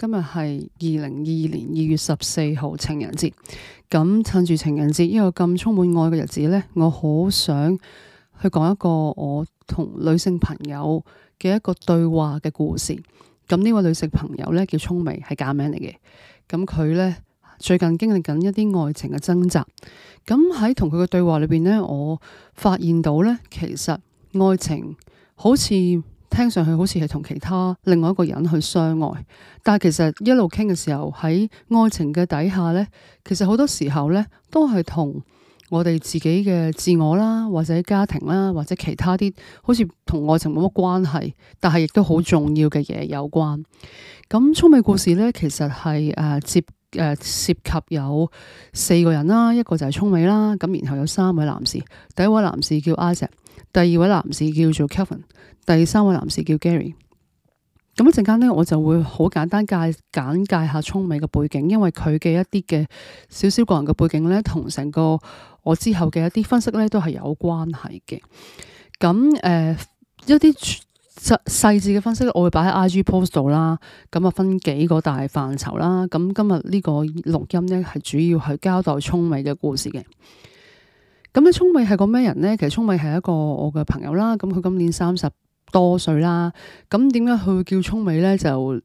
今日係二零二二年二月十四號情人節，咁趁住情人節呢個咁充滿愛嘅日子呢，我好想去講一個我同女性朋友嘅一個對話嘅故事。咁呢位女性朋友呢，叫聰明，係假名嚟嘅。咁佢呢，最近經歷緊一啲愛情嘅掙扎。咁喺同佢嘅對話裏邊呢，我發現到呢，其實愛情好似。聽上去好似係同其他另外一個人去相愛，但係其實一路傾嘅時候喺愛情嘅底下呢，其實好多時候呢，都係同我哋自己嘅自我啦，或者家庭啦，或者其他啲好似同愛情冇乜關係，但係亦都好重要嘅嘢有關。咁聰明故事呢，其實係誒、啊、接。誒，涉及有四個人啦，一個就係聰美啦，咁然後有三位男士，第一位男士叫阿石，第二位男士叫做 Kevin，第三位男士叫 Gary。咁一陣間咧，我就會好簡單介簡介下聰美嘅背景，因為佢嘅一啲嘅少少個人嘅背景咧，同成個我之後嘅一啲分析咧，都係有關係嘅。咁、嗯、誒、呃，一啲。細緻嘅分析，我會擺喺 IG post 度啦。咁啊，分幾個大範疇啦。咁今日呢個錄音呢，係主要係交代聰美嘅故事嘅。咁咧，聰美係個咩人呢？其實聰美係一個我嘅朋友啦。咁佢今年三十多歲啦。咁點解佢叫聰美呢？就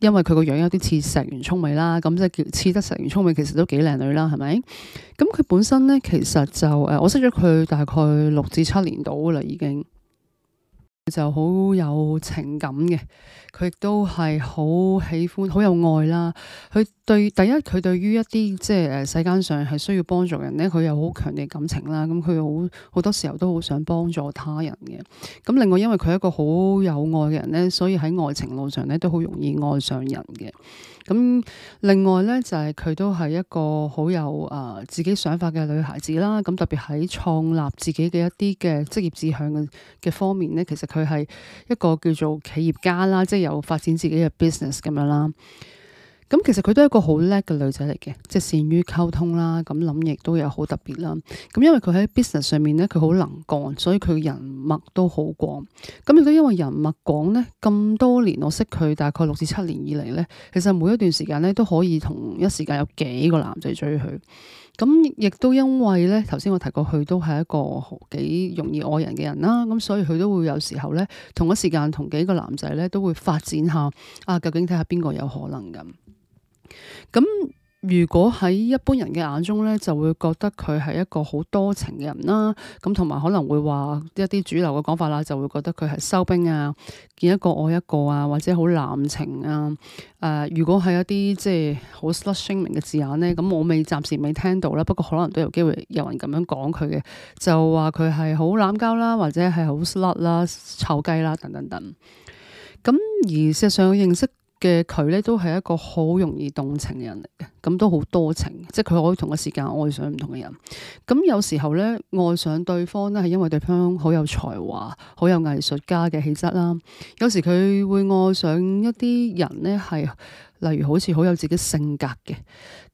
因為佢個樣有啲似石原聰美啦。咁即係似得石原聰美，其實都幾靚女啦，係咪？咁佢本身呢，其實就誒，我識咗佢大概六至七年到噶啦，已經。就好有情感嘅，佢亦都係好喜歡、好有愛啦。佢對第一，佢對於一啲即係誒世間上係需要幫助人咧，佢又好強烈感情啦。咁佢好好多時候都好想幫助他人嘅。咁另外，因為佢一個好有愛嘅人咧，所以喺愛情路上咧都好容易愛上人嘅。咁另外咧、就係，就係佢都係一個好有誒、呃、自己想法嘅女孩子啦。咁特別喺創立自己嘅一啲嘅職業志向嘅嘅方面咧，其實。佢係一個叫做企業家啦，即係有發展自己嘅 business 咁樣啦。咁其實佢都係一個好叻嘅女仔嚟嘅，即係善於溝通啦。咁諗亦都有好特別啦。咁因為佢喺 business 上面咧，佢好能幹，所以佢人脈都好廣。咁亦都因為人脈廣咧，咁多年我識佢大概六至七年以嚟咧，其實每一段時間咧都可以同一時間有幾個男仔追佢。咁亦都因為咧，頭先我提過，佢都係一個幾容易愛人嘅人啦，咁所以佢都會有時候咧，同一時間同幾個男仔咧，都會發展下啊，究竟睇下邊個有可能咁。咁、嗯如果喺一般人嘅眼中咧，就會覺得佢係一個好多情嘅人啦，咁同埋可能會話一啲主流嘅講法啦，就會覺得佢係收兵啊，見一個愛一個啊，或者好濫情啊。誒、呃、如果係一啲即係好 slut shaming 嘅字眼咧，咁我未暫時未聽到啦。不過可能都有機會有人咁樣講佢嘅，就話佢係好濫交啦，或者係好 slut 啦，臭雞啦等等等等。咁而事實上認識。佢咧都係一個好容易動情嘅人嚟嘅，咁都好多情，即係佢可以同個時間愛上唔同嘅人。咁有時候咧，愛上對方咧係因為對方好有才華、好有藝術家嘅氣質啦。有時佢會愛上一啲人咧，係例如好似好有自己性格嘅。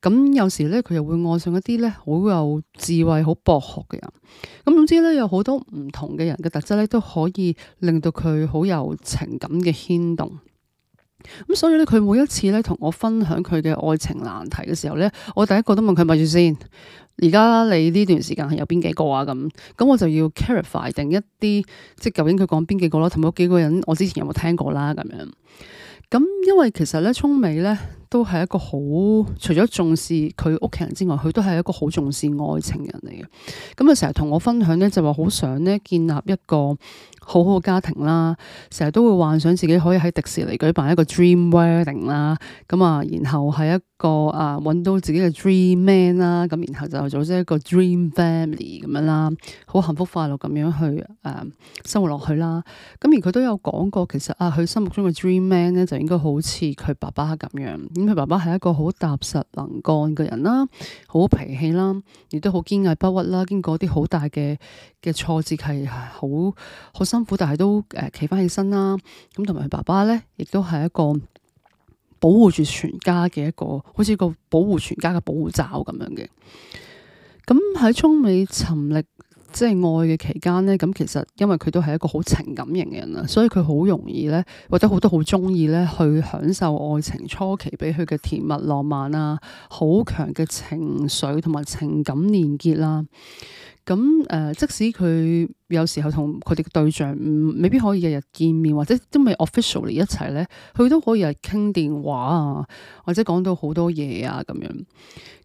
咁有時咧，佢又會愛上一啲咧好有智慧、好博學嘅人。咁總之咧，有好多唔同嘅人嘅特質咧，都可以令到佢好有情感嘅牽動。咁所以咧，佢每一次咧同我分享佢嘅愛情難題嘅時候咧，我第一個都問佢咪住先，而家你呢段時間係有邊幾個啊？咁咁我就要 clarify 定一啲，即係究竟佢講邊幾個咯，啊，同埋嗰幾個人我之前有冇聽過啦、啊、咁樣。咁因為其實咧，聰美咧都係一個好，除咗重視佢屋企人之外，佢都係一個好重視愛情人嚟嘅。咁啊，佢成日同我分享咧，就話好想咧建立一個。好好嘅家庭啦，成日都會幻想自己可以喺迪士尼舉辦一個 dream wedding 啦，咁啊，然後係一個啊揾到自己嘅 dream man 啦，咁然後就組織一個 dream family 咁樣啦，好幸福快樂咁樣去誒生活落去啦。咁而佢都有講過其實啊，佢心目中嘅 dream man 咧，就應該好似佢爸爸咁樣，咁佢爸爸係一個好踏實能幹嘅人啦，好脾氣啦，亦都好堅毅不屈啦，經過啲好大嘅嘅挫折係好好辛苦，但係都誒企翻起身啦。咁同埋佢爸爸咧，亦都係一個保護住全家嘅一個，好似個保護全家嘅保護罩咁樣嘅。咁喺中美沉溺。即係愛嘅期間呢，咁其實因為佢都係一個好情感型嘅人啊，所以佢好容易呢，或者好多好中意呢去享受愛情初期俾佢嘅甜蜜浪漫啊，好強嘅情緒同埋情感連結啦。咁誒、呃，即使佢有時候同佢哋嘅對象唔未必可以日日見面，或者都未 officially 一齊呢，佢都可以係傾電話啊，或者講到好多嘢啊，咁樣。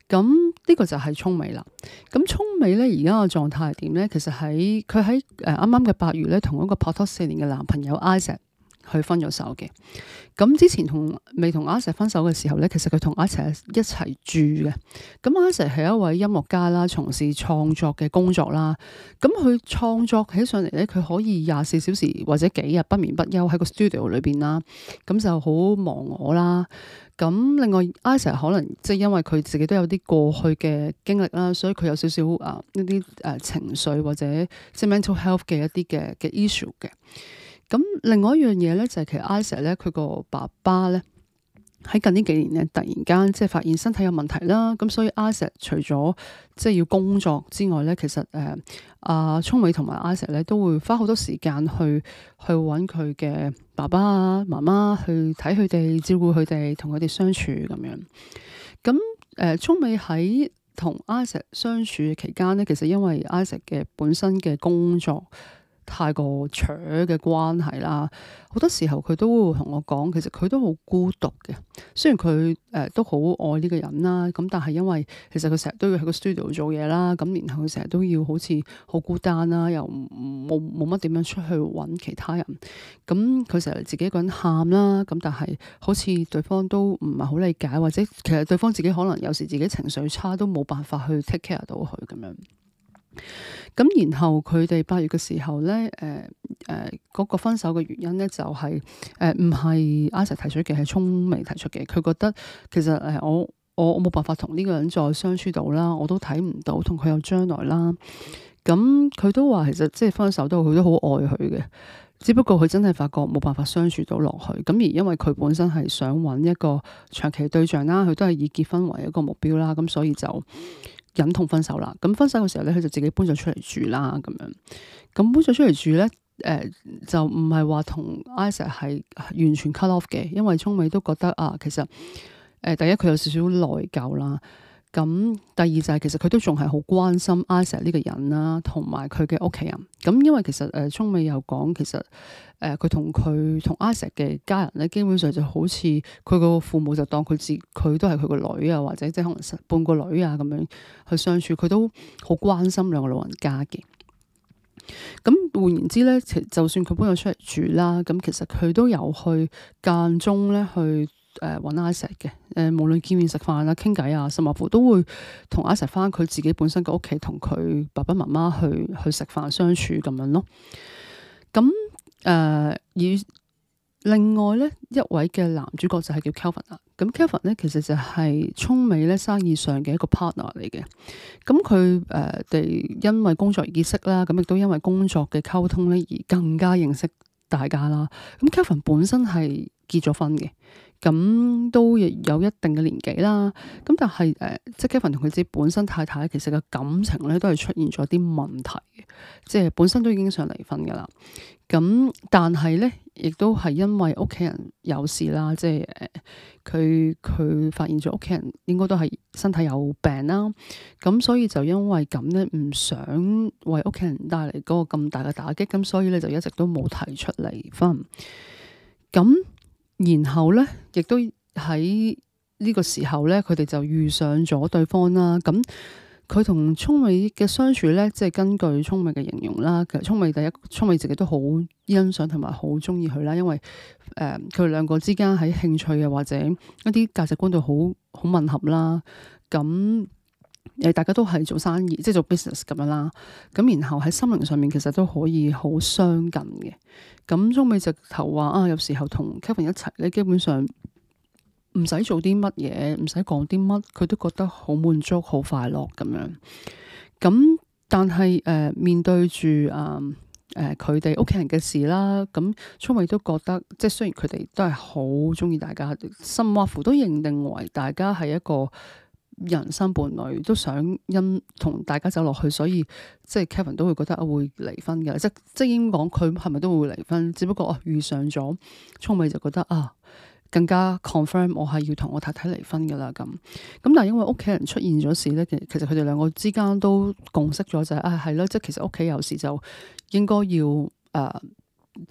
咁呢、嗯這個就係聰美啦。咁、嗯、聰美咧，而家嘅狀態係點咧？其實喺佢喺啱啱嘅八月咧，同嗰、呃、個拍拖四年嘅男朋友 Isaac。佢分咗手嘅，咁之前同未同阿 Sir 分手嘅時候咧，其實佢同阿 Sir 一齊住嘅。咁阿 Sir 係一位音樂家啦，從事創作嘅工作啦。咁佢創作起上嚟咧，佢可以廿四小時或者幾日不眠不休喺個 studio 裏邊啦。咁就好忘我啦。咁另外，阿 Sir 可能即係因為佢自己都有啲過去嘅經歷啦，所以佢有少少啊呢啲誒情緒或者即係 mental health 嘅一啲嘅嘅 issue 嘅。咁另外一樣嘢咧，就係、是、其實 Isaac 咧，佢個爸爸咧，喺近呢幾年咧，突然間即係發現身體有問題啦。咁所以 Isaac 除咗即係要工作之外咧，其實誒啊、呃、聰美同埋 Isaac 咧，都會花好多時間去去搵佢嘅爸爸啊、媽媽去睇佢哋、照顧佢哋、同佢哋相處咁樣。咁誒、呃、聰美喺同 Isaac 相處期間咧，其實因為 Isaac 嘅本身嘅工作，太過扯嘅關係啦，好多時候佢都會同我講，其實佢都好孤獨嘅。雖然佢誒、呃、都好愛呢個人啦，咁但係因為其實佢成日都要喺個 studio 做嘢啦，咁然後佢成日都要好似好孤單啦，又冇冇乜點樣出去搵其他人。咁佢成日自己一個人喊啦，咁但係好似對方都唔係好理解，或者其實對方自己可能有時自己情緒差都冇辦法去 take care 到佢咁樣。咁然後佢哋八月嘅時候咧，誒、呃、誒，嗰、呃，嗰個分手嘅原因咧就係、是，誒唔係阿 Sir 提出嘅，係聰明提出嘅。佢覺得其實誒我我冇辦法同呢個人再相處到啦，我都睇唔到同佢有將來啦。咁佢都話其實即係分手都，佢都好愛佢嘅，只不過佢真係發覺冇辦法相處到落去。咁而因為佢本身係想揾一個長期對象啦，佢都係以結婚為一個目標啦，咁所以就。忍痛分手啦，咁分手嘅時候咧，佢就自己搬咗出嚟住啦，咁樣，咁搬咗出嚟住咧，誒，就唔係話同 Isa 係完全 cut off 嘅，因為聰美都覺得啊，其實，誒、呃，第一佢有少少內疚啦。咁第二就係、是、其實佢都仲係好關心阿 Sa 呢個人啦，同埋佢嘅屋企人。咁因為其實誒，聰、呃、美又講其實誒，佢同佢同阿 Sa 嘅家人咧，基本上就好似佢個父母就當佢自佢都係佢個女啊，或者即係可能半個女啊咁樣去相處，佢都好關心兩個老人家嘅。咁、嗯、換言之咧，就算佢搬咗出嚟住啦，咁其實佢都有去間中咧去。誒，搵、呃、阿石嘅誒、呃，無論見面食飯啦、傾偈啊，甚至乎都會同阿石返佢自己本身嘅屋企，同佢爸爸媽媽去去食飯相處咁樣咯。咁、嗯、誒，而、呃、另外咧一位嘅男主角就係叫 Kelvin 啦。咁 Kelvin 咧其實就係聰美咧生意上嘅一個 partner 嚟嘅。咁佢誒，哋、呃、因為工作而結識啦，咁亦都因為工作嘅溝通咧而更加認識大家啦。咁 Kelvin 本身係結咗婚嘅。咁都亦有一定嘅年紀啦，咁但係誒，即係 Kevin 同佢自己本身太太其實嘅感情咧，都係出現咗啲問題，即係本身都已經想離婚噶啦。咁但係咧，亦都係因為屋企人有事啦，即係誒，佢佢發現咗屋企人應該都係身體有病啦，咁所以就因為咁咧，唔想為屋企人帶嚟嗰個咁大嘅打擊，咁所以咧就一直都冇提出離婚。咁然後咧，亦都喺呢個時候咧，佢哋就遇上咗對方啦。咁佢同聰美嘅相處咧，即係根據聰美嘅形容啦。其實聰美第一，聰美自己都好欣賞同埋好中意佢啦，因為誒佢哋兩個之間喺興趣啊或者一啲價值觀度好好吻合啦。咁、嗯誒，大家都係做生意，即係做 business 咁樣啦。咁然後喺心靈上面其實都可以好相近嘅。咁中美直頭話啊，有時候同 Kevin 一齊，你基本上唔使做啲乜嘢，唔使講啲乜，佢都覺得好滿足、好快樂咁樣。咁但係誒、呃、面對住誒誒佢哋屋企人嘅事啦，咁聰美都覺得，即係雖然佢哋都係好中意大家，心劃乎都認定為大家係一個。人生伴侶都想因同大家走落去，所以即係 Kevin 都會覺得啊會離婚嘅，即即係應該講佢係咪都會離婚？只不過、啊、遇上咗聰美就覺得啊更加 confirm 我係要同我太太離婚噶啦咁咁，但係因為屋企人出現咗事咧，其實佢哋兩個之間都共識咗就係、係、啊係咯，即係其實屋企有時就應該要誒。啊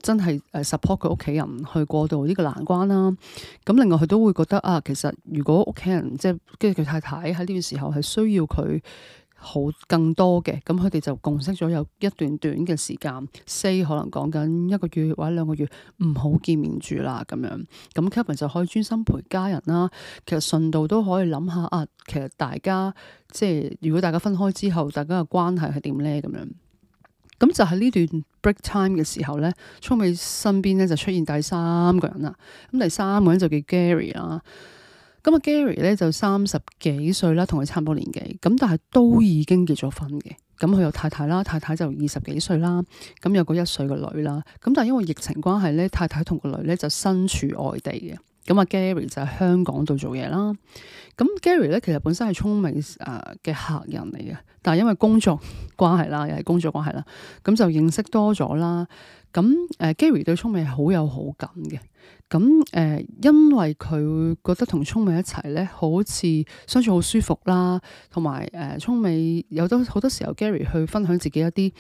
真係誒 support 佢屋企人去過渡呢個難關啦。咁另外佢都會覺得啊，其實如果屋企人即係跟住佢太太喺呢段時候係需要佢好更多嘅，咁佢哋就共識咗有一段短嘅時間 say 可能講緊一個月或者兩個月唔好見面住啦咁樣。咁 Kevin 就可以專心陪家人啦。其實順道都可以諗下啊，其實大家即係如果大家分開之後，大家嘅關係係點咧咁樣？咁就喺呢段 break time 嘅時候咧，聰美身邊咧就出現第三個人啦。咁第三個人就叫 Gary 啦，啊。咁啊 Gary 咧就三十幾歲啦，同佢差唔多年紀，咁但係都已經結咗婚嘅。咁佢有太太啦，太太就二十幾歲啦，咁有個一歲嘅女啦。咁但係因為疫情關係咧，太太同個女咧就身處外地嘅。咁啊 Gary 就喺香港度做嘢啦，咁 Gary 咧，其實本身係聰明誒嘅客人嚟嘅，但係因為工作關係啦，又係工作關係啦，咁就認識多咗啦，咁誒 Gary 對聰明係好有好感嘅，咁誒因為佢覺得同聰明一齊咧，好似相處好舒服啦，同埋誒聰明有得好多時候 Gary 去分享自己一啲。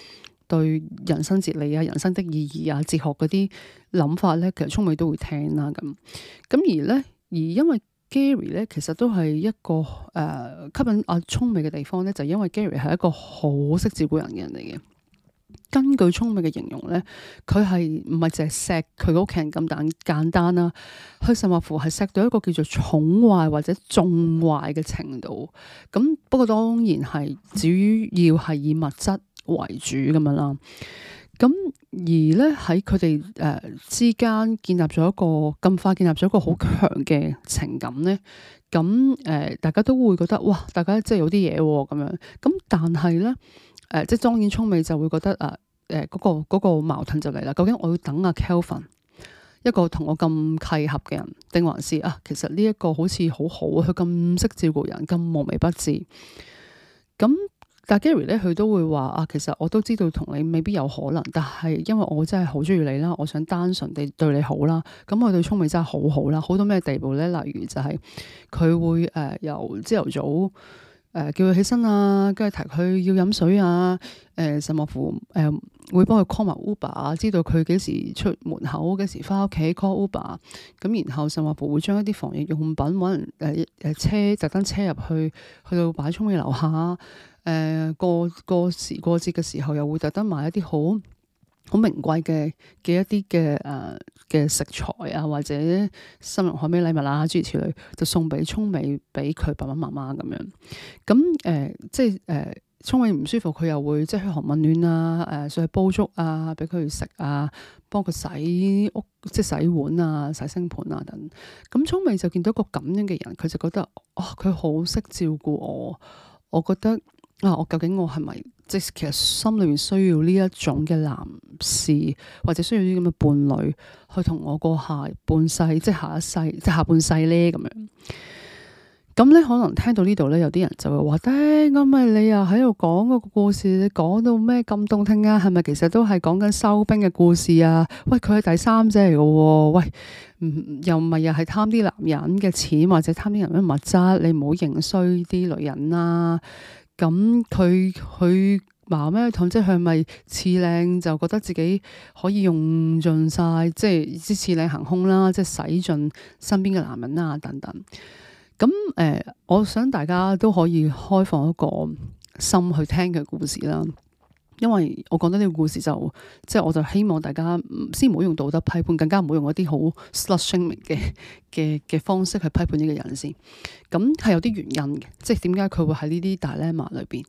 對人生哲理啊、人生的意義啊、哲學嗰啲諗法咧，其實聰明都會聽啦，咁咁而咧，而因為 Gary 咧，其實都係一個誒、呃、吸引阿、啊、聰明嘅地方咧，就是，因為 Gary 係一個好識照顧人嘅人嚟嘅。根據聰明嘅形容咧，佢係唔係淨係錫佢屋企人咁簡簡單啦？佢甚至乎係錫到一個叫做寵壞或者縱壞嘅程度。咁不過當然係主要係以物質。為主咁樣啦，咁而咧，喺佢哋誒之間建立咗一個咁快建立咗一個好強嘅情感咧，咁誒，大家都會覺得哇，大家即係有啲嘢咁樣，咁但係咧誒即係莊演聰美就會覺得啊誒嗰、嗰個、嗰個矛盾就嚟啦，究竟我要等阿 Kelvin 一個同我咁契合嘅人，定還是啊其實呢一個好似好好，佢咁識照顧人，咁無微不至，咁、嗯。但 Gary 咧，佢都會話啊，其實我都知道同你未必有可能，但係因為我真係好中意你啦，我想單純地對你好啦。咁佢對聰明真係好好啦，好到咩地步咧？例如就係佢會誒、呃、由朝頭早誒、呃、叫佢起身啊，跟住提佢要飲水啊，誒神話符誒會幫佢 call 埋 Uber 啊，知道佢幾時出門口、幾時返屋企 call Uber。咁然後神話符會將一啲防疫用品可能誒誒車特登車入去，去到擺聰明樓下。誒、呃、過過時過節嘅時候，又會特登買一啲好好名貴嘅嘅一啲嘅誒嘅食材啊，或者參茸海味禮物啦、啊，諸如此類，就送俾聰美俾佢爸爸媽媽咁樣。咁誒、呃、即係誒聰美唔舒服，佢又會即係噓寒問暖啊，誒、啊、上、嗯、去煲粥啊，俾佢食啊，幫佢洗屋，即係洗碗啊、洗星盤啊等，等。咁、嗯、聰美就見到一個咁樣嘅人，佢就覺得哦，佢好識照顧我，我覺得。啊！我究竟我係咪即係其實心裏面需要呢一種嘅男士，或者需要啲咁嘅伴侶去同我過下半世，即係下一世，即係下半世咧咁樣。咁咧可能聽到呢度咧，有啲人就會話：，唉、欸、咁、啊、咪你又喺度講嗰個故事，你講到咩咁動聽啊？係咪其實都係講緊收兵嘅故事啊？喂，佢係第三者嚟嘅喎。喂，又唔係又係貪啲男人嘅錢，或者貪啲人嘅物質，你唔好認衰啲女人啦、啊。咁佢佢話咩？即係佢咪似靚就覺得自己可以用盡晒，即係依恃靚行凶啦，即係使盡身邊嘅男人啊等等。咁誒、呃，我想大家都可以開放一個心去聽佢故事啦。因為我講到呢個故事，就即係我就希望大家先唔好用道德批判，更加唔好用一啲好 slushing 嘅嘅嘅方式去批判呢個人先。咁係有啲原因嘅，即係點解佢會喺呢啲大 lem 啊裏邊？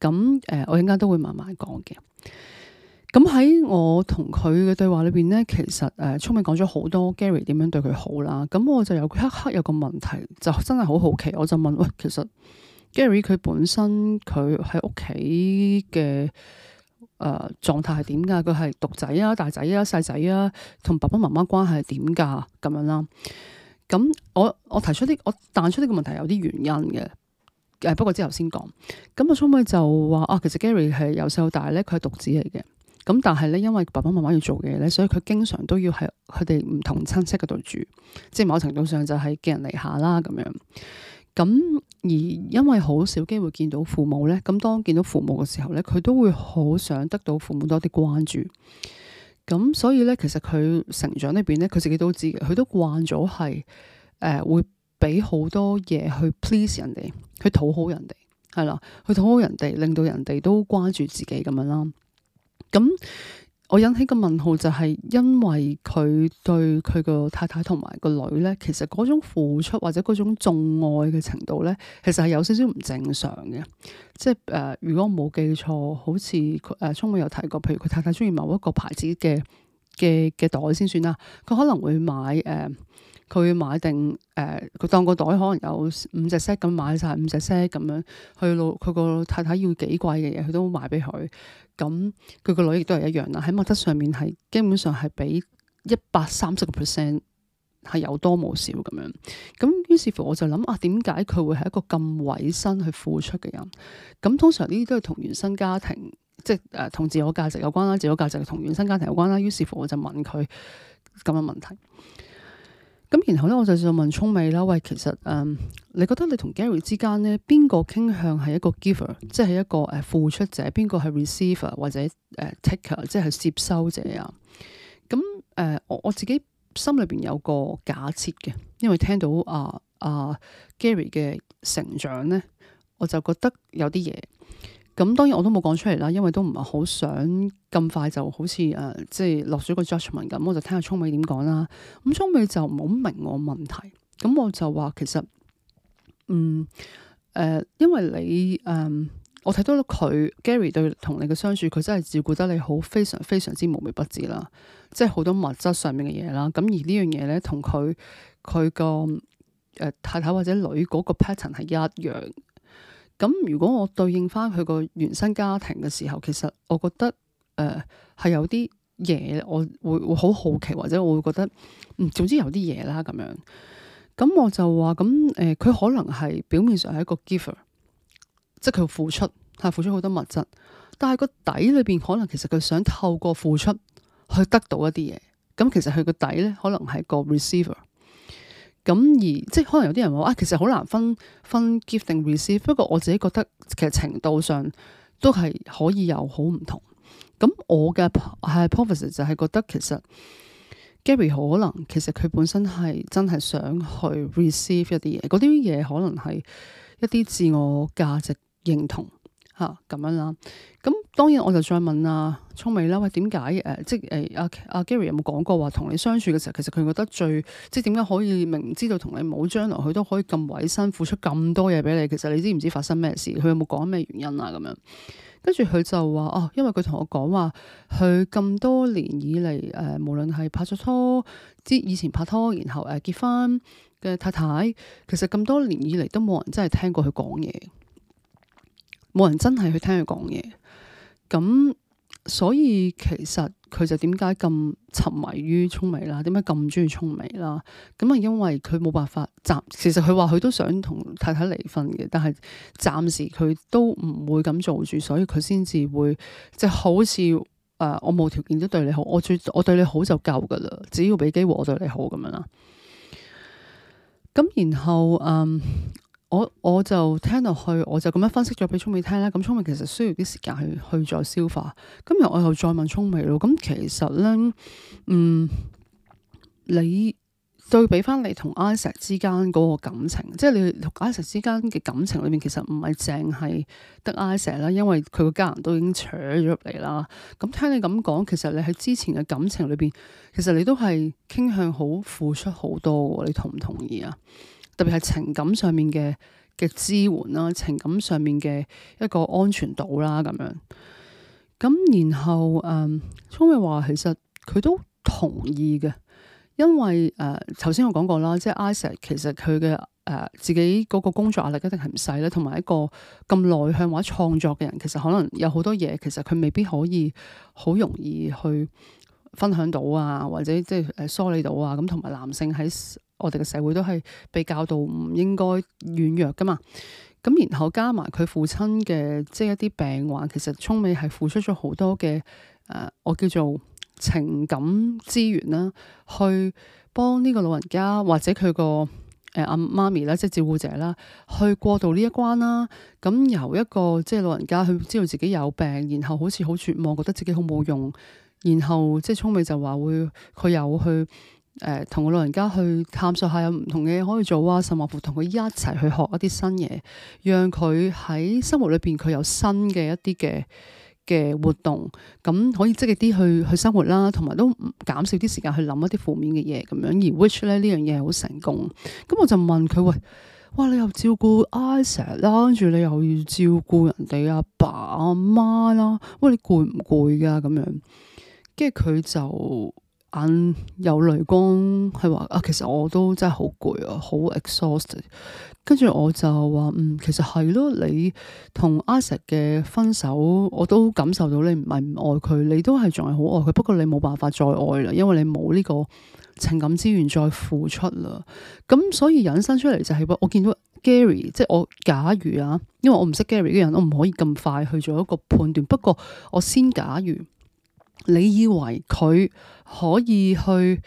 咁誒，我一陣間都會慢慢講嘅。咁喺我同佢嘅對話裏邊咧，其實誒，聰明講咗好多 Gary 點樣對佢好啦。咁我就有刻刻有一個問題，就真係好好奇，我就問喂，其實。Gary 佢本身佢喺屋企嘅誒狀態係點噶？佢係獨仔啊、大仔啊、細仔啊，同爸爸媽媽關係係點噶？咁樣啦。咁我我提出啲我提出呢個問題有啲原因嘅。誒，不過之後先講。咁、嗯、啊，聰妹就話啊，其實 Gary 係由細到大咧，佢係獨子嚟嘅。咁但係咧，因為爸爸媽媽要做嘅嘢咧，所以佢經常都要喺佢哋唔同親戚嗰度住，即係某程度上就係寄人籬下啦咁樣。咁而因為好少機會見到父母呢。咁當見到父母嘅時候呢，佢都會好想得到父母多啲關注。咁所以呢，其實佢成長呢邊呢，佢自己都知嘅，佢都慣咗係誒會俾好多嘢去 please 人哋，去討好人哋，係啦，去討好人哋，令到人哋都關注自己咁樣啦。咁、嗯。我引起個問號就係、是、因為佢對佢個太太同埋個女咧，其實嗰種付出或者嗰種寵愛嘅程度咧，其實係有少少唔正常嘅。即係誒、呃，如果我冇記錯，好似誒聰敏有提過，譬如佢太太中意某一個牌子嘅嘅嘅袋先算啦，佢可能會買誒。呃佢買定誒，佢、呃、當個袋可能有五隻 set 咁買晒，五隻 set 咁樣，佢老佢個 Z，太太要幾貴嘅嘢，佢都買俾佢。咁佢個女亦都係一樣啦。喺物質上面係基本上係比一百三十個 percent 係有多冇少咁樣。咁於是乎我就諗啊，點解佢會係一個咁委身去付出嘅人？咁通常呢啲都係同原生家庭，即係誒同自我價值有關啦，自我價值同原生家庭有關啦。於是乎我就問佢咁樣問題。咁然後咧，我就就問聰美啦，喂，其實誒、嗯、你覺得你同 Gary 之間咧，邊個傾向係一個 giver，即係一個誒付出者，邊個係 receiver 或者誒 taker，即係接收者啊？咁誒我我自己心裏邊有個假設嘅，因為聽到啊啊 Gary 嘅成長咧，我就覺得有啲嘢。咁當然我都冇講出嚟啦，因為都唔係好想咁快就好似誒、呃，即係落咗個 judgement 咁，我就聽下聰美點講啦。咁聰美就唔好明我問題，咁我就話其實，嗯誒、呃，因為你誒、呃，我睇到佢 Gary 對同你嘅相處，佢真係照顧得你好，非常非常之無微不至啦，即係好多物質上面嘅嘢啦。咁而呢樣嘢咧，同佢佢個誒、呃、太太或者女嗰個 pattern 係一樣。咁如果我對應翻佢個原生家庭嘅時候，其實我覺得誒係、呃、有啲嘢我會會好好奇，或者我會覺得嗯，總之有啲嘢啦咁樣。咁我就話咁誒，佢、呃、可能係表面上係一個 giver，即係佢付出，係付出好多物質，但係個底裏邊可能其實佢想透過付出去得到一啲嘢。咁其實佢個底咧，可能係個 receiver。咁而即係可能有啲人話啊，其實好難分分 give 定 receive。不過我自己覺得其實程度上都係可以有好唔同。咁我嘅係 professor 就係覺得其實 Gary 可能其實佢本身係真係想去 receive 一啲嘢，嗰啲嘢可能係一啲自我價值認同。吓咁、啊、樣啦，咁當然我就再問啊聰美啦，喂，點解誒即誒阿阿 Gary 有冇講過話同你相處嘅時候，其實佢覺得最即點解可以明知道同你冇將來，佢都可以咁委身付出咁多嘢俾你？其實你知唔知發生咩事？佢有冇講咩原因啊？咁樣跟住佢就話哦、啊，因為佢同我講話，佢咁多年以嚟誒、呃，無論係拍咗拖，即以前拍拖，然後誒、呃、結婚嘅太太，其實咁多年以嚟都冇人真係聽過佢講嘢。冇人真係去聽佢講嘢，咁所以其實佢就點解咁沉迷於聰明啦？點解咁中意聰明啦？咁啊，因為佢冇辦法暫，其實佢話佢都想同太太離婚嘅，但係暫時佢都唔會咁做住，所以佢先至會即係、就是、好似誒、呃，我冇條件都對你好，我最我對你好就夠噶啦，只要俾機會我對你好咁樣啦。咁然後誒。呃我我就聽落去，我就咁樣分析咗俾聰明聽啦。咁聰明其實需要啲時間去去再消化。今日我又再問聰明咯。咁其實咧，嗯，你對比翻你同 I 石之間嗰個感情，即係你同 I 石之間嘅感情裏面，其實唔係淨係得 I 石啦，2，因為佢個家人都已經扯咗入嚟啦。咁聽你咁講，其實你喺之前嘅感情裏邊，其實你都係傾向好付出好多嘅。你同唔同意啊？特別係情感上面嘅嘅支援啦，情感上面嘅一個安全島啦咁樣。咁然後，嗯，聰明話其實佢都同意嘅，因為誒頭先我講過啦，即係 Isaac 其實佢嘅誒自己嗰個工作壓力一定係唔細咧，同埋一個咁內向或者創作嘅人，其實可能有好多嘢，其實佢未必可以好容易去分享到啊，或者即係、呃、梳理到啊，咁同埋男性喺我哋嘅社會都係被教導唔應該軟弱㗎嘛。咁然後加埋佢父親嘅即係一啲病患，其實聰美係付出咗好多嘅誒、呃，我叫做情感資源啦，去幫呢個老人家或者佢個誒阿媽咪啦，即係照顧者啦，去過渡呢一關啦。咁由一個即係老人家，佢知道自己有病，然後好似好絕望，覺得自己好冇用。然後即係聰美就話會佢又會去誒、呃、同個老人家去探索下有唔同嘅嘢可以做啊，甚至乎同佢一齊去學一啲新嘢，讓佢喺生活裏邊佢有新嘅一啲嘅嘅活動，咁可以積極啲去去生活啦，同埋都減少啲時間去諗一啲負面嘅嘢咁樣。而 which 咧呢樣嘢係好成功，咁我就問佢：喂，哇！你又照顧 Isa 啦，跟住你又要照顧人哋、啊、阿爸阿媽啦，喂，你攰唔攰㗎？咁樣。跟住佢就眼有淚光，係話啊，其實我都真係好攰啊，好 exhausted。跟住我就話，嗯，其實係咯，你同阿 Sir 嘅分手，我都感受到你唔係唔愛佢，你都係仲係好愛佢。不過你冇辦法再愛啦，因為你冇呢個情感資源再付出啦。咁所以引申出嚟就係話，我見到 Gary，即係我假如啊，因為我唔識 Gary 嘅人，我唔可以咁快去做一個判斷。不過我先假如。你以為佢可以去誒、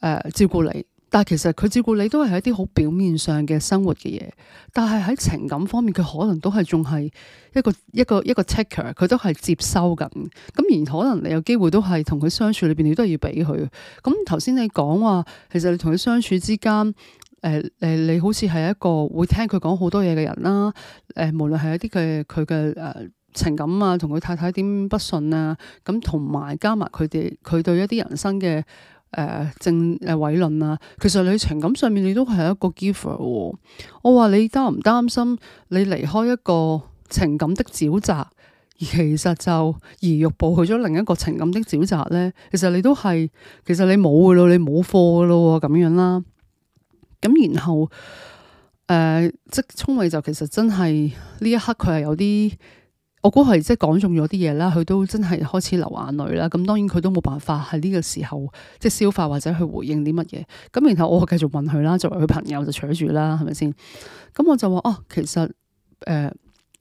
呃、照顧你，但係其實佢照顧你都係一啲好表面上嘅生活嘅嘢，但係喺情感方面，佢可能都係仲係一個一個一個 taker，佢都係接收緊，咁而可能你有機會都係同佢相處裏邊，你都係要俾佢。咁頭先你講話，其實你同佢相處之間，誒、呃、誒，你好似係一個會聽佢講好多嘢嘅人啦，誒、呃，無論係一啲嘅佢嘅誒。情感啊，同佢太太點不順啊，咁同埋加埋佢哋，佢對一啲人生嘅誒、呃、正誒偉、呃、論啊，其實你情感上面你都係一個 giver、啊。我話你擔唔擔心你離開一個情感的沼澤，而其實就而欲步去咗另一個情感的沼澤呢？其實你都係，其實你冇噶咯，你冇貨咯咁樣啦、啊。咁然後誒、呃，即聰偉就其實真係呢一刻佢係有啲。我估係即係講中咗啲嘢啦，佢都真係開始流眼淚啦。咁當然佢都冇辦法喺呢個時候即係消化或者去回應啲乜嘢。咁然後我繼續問佢啦，作為佢朋友就扯住啦，係咪先？咁我就話哦，其實誒，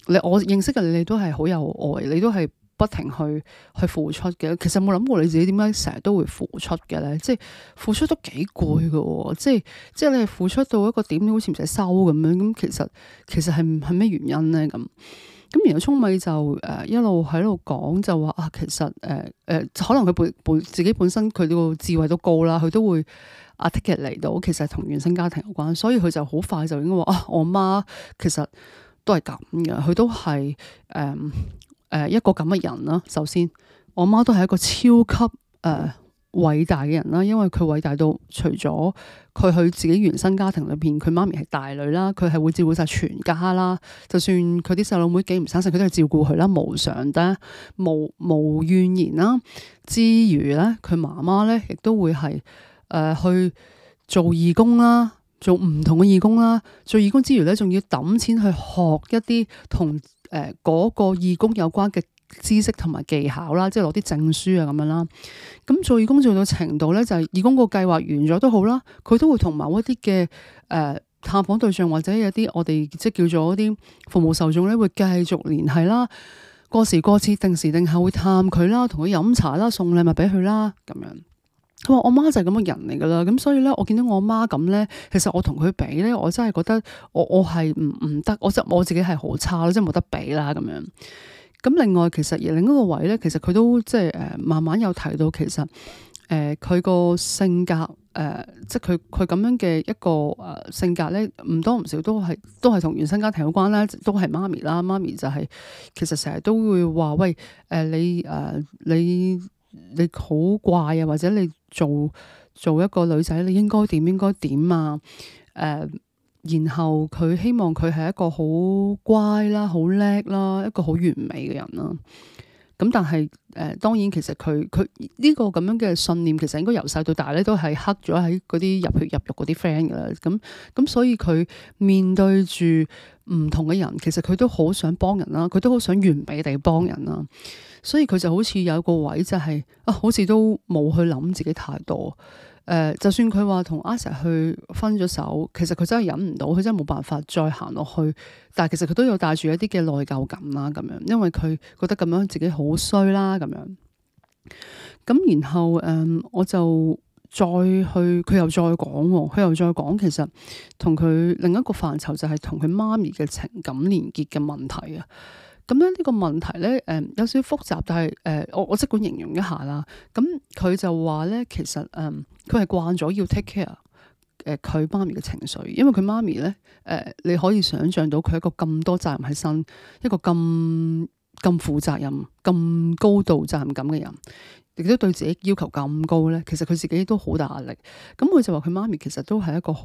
你、呃、我認識嘅你，你都係好有愛，你都係不停去去付出嘅。其實冇諗過你自己點解成日都會付出嘅咧？即係付出都幾攰噶，即係即係你係付出到一個點，你好似唔使收咁樣。咁其實其實係係咩原因咧？咁？咁然後聰米就誒一路喺度講就話啊，其實誒誒、啊呃、可能佢本本，本自己本身佢個智慧都高啦，佢都會阿、啊、Ticket 嚟到，其實同原生家庭有關，所以佢就好快就應該話啊，我媽其實都係咁嘅，佢都係誒誒一個咁嘅人啦。首先，我媽都係一個超級誒呃、偉大嘅人啦，因為佢偉大到除咗。佢去自己原生家庭裏邊，佢媽咪係大女啦，佢係會照顧晒全家啦。就算佢啲細佬妹幾唔生性，佢都係照顧佢啦，無常咧，無無怨言啦。之餘咧，佢媽媽咧亦都會係誒、呃、去做義工啦，做唔同嘅義工啦。做義工之餘咧，仲要抌錢去學一啲同誒嗰個義工有關嘅，知識同埋技巧啦，即係攞啲證書啊咁樣啦。咁做義工做到程度咧，就係義工個計劃完咗都好啦。佢都會同某一啲嘅誒探訪對象，或者有啲我哋即係叫做一啲服務受眾咧，會繼續聯繫啦。過時過節定時定候會探佢啦，同佢飲茶啦，送禮物俾佢啦咁樣。佢話我媽就係咁嘅人嚟噶啦，咁所以咧，我見到我媽咁咧，其實我同佢比咧，我真係覺得我我係唔唔得，我即我自己係好差咯，即係冇得比啦咁樣。咁另外，其實另一個位咧，其實佢都即係誒，慢慢有提到其實誒，佢、呃呃、個性格誒，即係佢佢咁樣嘅一個誒性格咧，唔多唔少都係都係同原生家庭有關啦，都係媽咪啦，媽咪就係、係、其實成日都會話喂誒、呃、你誒、呃、你你好怪啊，或者你做做一個女仔，你應該點應該點啊誒。呃然後佢希望佢係一個好乖啦、好叻啦、一個好完美嘅人啦。咁但係誒、呃，當然其實佢佢呢個咁樣嘅信念，其實應該由細到大咧都係黑咗喺嗰啲入血入肉嗰啲 friend 㗎喇。咁咁所以佢面對住唔同嘅人，其實佢都好想幫人啦，佢都好想完美地幫人啦。所以佢就好似有一個位、就是，就係啊，好似都冇去諗自己太多。誒、呃，就算佢話同阿 s 去分咗手，其實佢真係忍唔到，佢真係冇辦法再行落去。但係其實佢都有帶住一啲嘅內疚感啦，咁樣，因為佢覺得咁樣自己好衰啦，咁樣。咁然後誒、呃，我就再去，佢又再講，佢又再講，其實同佢另一個範疇就係同佢媽咪嘅情感連結嘅問題啊。咁咧呢個問題咧，誒有少少複雜，但係誒我我即管形容一下啦。咁佢就話咧，其實誒佢係慣咗要 take care 誒佢媽咪嘅情緒，因為佢媽咪咧，誒你可以想象到佢一個咁多責任喺身，一個咁咁負責任、咁高度責任感嘅人。亦都對自己要求咁高咧，其實佢自己都好大壓力。咁佢就話佢媽咪其實都係一個好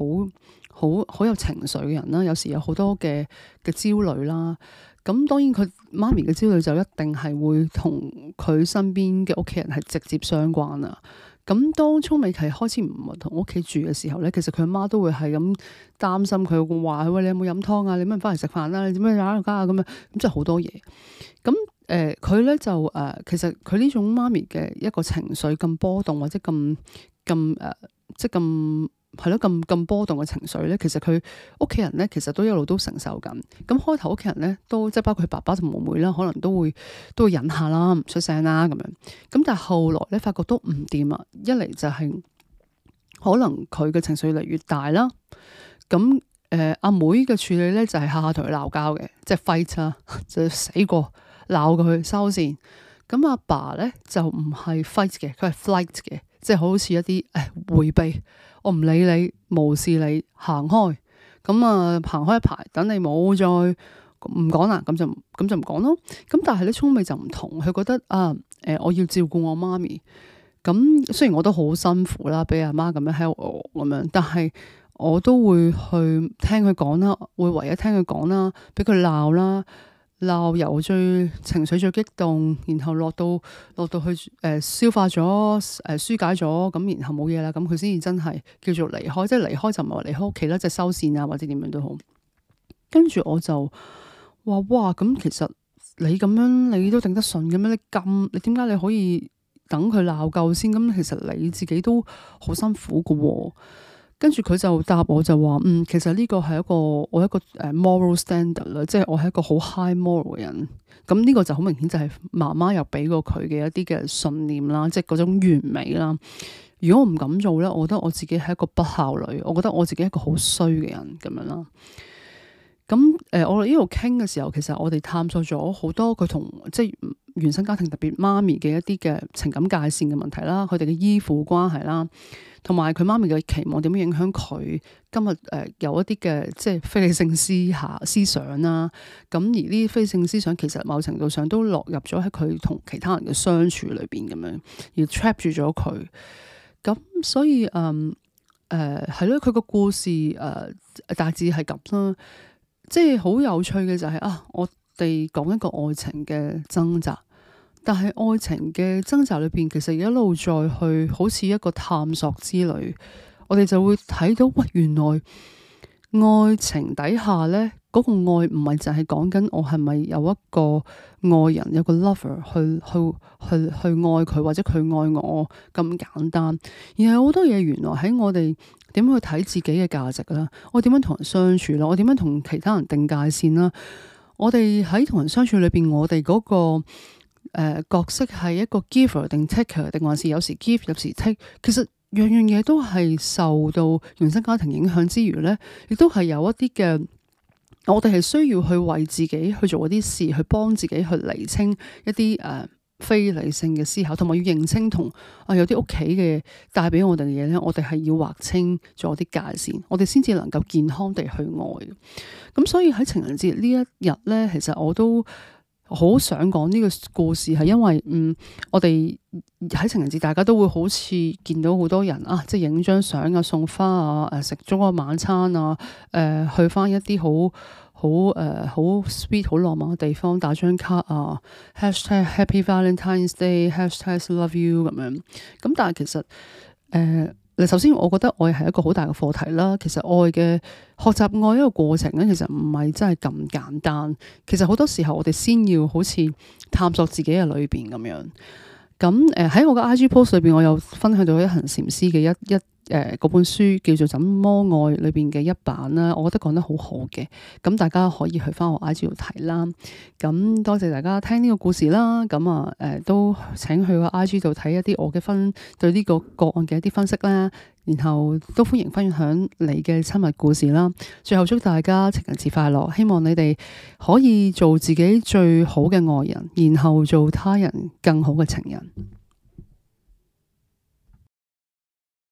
好好有情緒嘅人啦，有時有好多嘅嘅焦慮啦。咁當然佢媽咪嘅焦慮就一定係會同佢身邊嘅屋企人係直接相關啊。咁當聰美琪開始唔同屋企住嘅時候咧，其實佢阿媽都會係咁擔心佢，話喂你有冇飲湯啊？你咩翻嚟食飯啦？你點樣啊？家咁啊？咁真係好多嘢咁。誒佢咧就誒、呃、其實佢呢種媽咪嘅一個情緒咁波動或者咁咁誒，即係咁係咯，咁咁波動嘅情緒咧，其實佢屋企人咧其實都一路都承受緊。咁開頭屋企人咧都即係包括爸爸同妹妹啦，可能都會都會忍下啦，唔出聲啦咁樣。咁但係後來咧，發覺都唔掂啊！一嚟就係可能佢嘅情緒越嚟越大啦。咁、嗯、誒、呃、阿妹嘅處理咧就係、是、下下同佢鬧交嘅，即係 fight 就，是、fight, 就死過。鬧過佢收線，咁阿爸咧就唔係 fight 嘅，佢係 flight 嘅，即係好似一啲誒回避，我唔理你，無視你，行開，咁啊行開一排，等你冇再唔講啦，咁就咁就唔講咯。咁但係咧聰明就唔同，佢覺得啊誒，我要照顧我媽咪，咁雖然我都好辛苦啦，俾阿媽咁樣喺度熬咁樣，但係我都會去聽佢講啦，會唯一聽佢講啦，俾佢鬧啦。鬧由最情緒最激動，然後落到落到去誒、呃、消化咗誒舒解咗咁，然後冇嘢啦，咁佢先至真係叫做離開，即係離開就唔係話離開屋企啦，即係收線啊或者點樣都好。跟住我就話：哇，咁其實你咁樣你都頂得順咁樣，你咁你點解你，你可以等佢鬧夠先？咁其實你自己都好辛苦㗎喎。跟住佢就答我就話，嗯，其實呢個係一個我一個誒 moral standard 啦，即係我係一個好 high moral 嘅人。咁、這、呢個就好明顯就係媽媽又俾過佢嘅一啲嘅信念啦，即係嗰種完美啦。如果我唔敢做咧，我覺得我自己係一個不孝女，我覺得我自己係一個好衰嘅人咁樣啦。咁誒，我哋呢度傾嘅時候，其實我哋探索咗好多佢同即係原生家庭特別媽咪嘅一啲嘅情感界線嘅問題啦，佢哋嘅依附關係啦，同埋佢媽咪嘅期望點樣影響佢今日誒有一啲嘅即係非理性思下思想啦。咁而呢啲非理性思想，思想其實某程度上都落入咗喺佢同其他人嘅相處裏邊咁，嗯嗯呃呃、樣，而 trap 住咗佢。咁所以誒誒係咯，佢個故事誒大致係咁啦。即係好有趣嘅就係、是、啊，我哋講一個愛情嘅掙扎，但係愛情嘅掙扎裏邊，其實一路再去好似一個探索之旅，我哋就會睇到，喂，原來愛情底下呢，嗰、那個愛唔係淨係講緊我係咪有一個愛人，有個 lover 去去去去愛佢，或者佢愛我咁簡單，而係好多嘢原來喺我哋。點樣去睇自己嘅價值咧？我點樣同人相處咧？我點樣同其他人定界線咧？我哋喺同人相處裏邊，我哋嗰、那個誒、呃、角色係一個 giver 定 taker 定還是有時 give 有時 take？其實樣樣嘢都係受到原生家庭影響之餘呢，亦都係有一啲嘅，我哋係需要去為自己去做一啲事，去幫自己去釐清一啲誒。呃非理性嘅思考，同埋要認清同啊有啲屋企嘅帶俾我哋嘅嘢咧，我哋係要劃清咗啲界線，我哋先至能夠健康地去愛。咁所以喺情人節呢一日咧，其實我都好想講呢個故事，係因為嗯，我哋喺情人節，大家都會好似見到好多人啊，即係影張相啊，送花啊，誒食咗個晚餐啊，誒去翻一啲好。好誒，好 sweet，好浪漫嘅地方，打張卡啊，#HappyValentine'sDay#LoveYou h a 咁樣。咁但係其實誒、呃，首先我覺得愛係一個好大嘅課題啦。其實愛嘅學習愛呢個過程咧，其實唔係真係咁簡單。其實好多時候我哋先要好似探索自己嘅裏邊咁樣。咁誒喺我嘅 IG post 裏邊，我有分享到一行禪師嘅一一。誒，嗰、呃、本書叫做《怎麼愛》裏邊嘅一版啦，我覺得講得好好嘅，咁大家可以去翻我 I G 度睇啦。咁多謝大家聽呢個故事啦，咁、呃、啊，誒都請去個 I G 度睇一啲我嘅分對呢個個案嘅一啲分析啦，然後都歡迎分享你嘅親密故事啦。最後祝大家情人節快樂，希望你哋可以做自己最好嘅愛人，然後做他人更好嘅情人。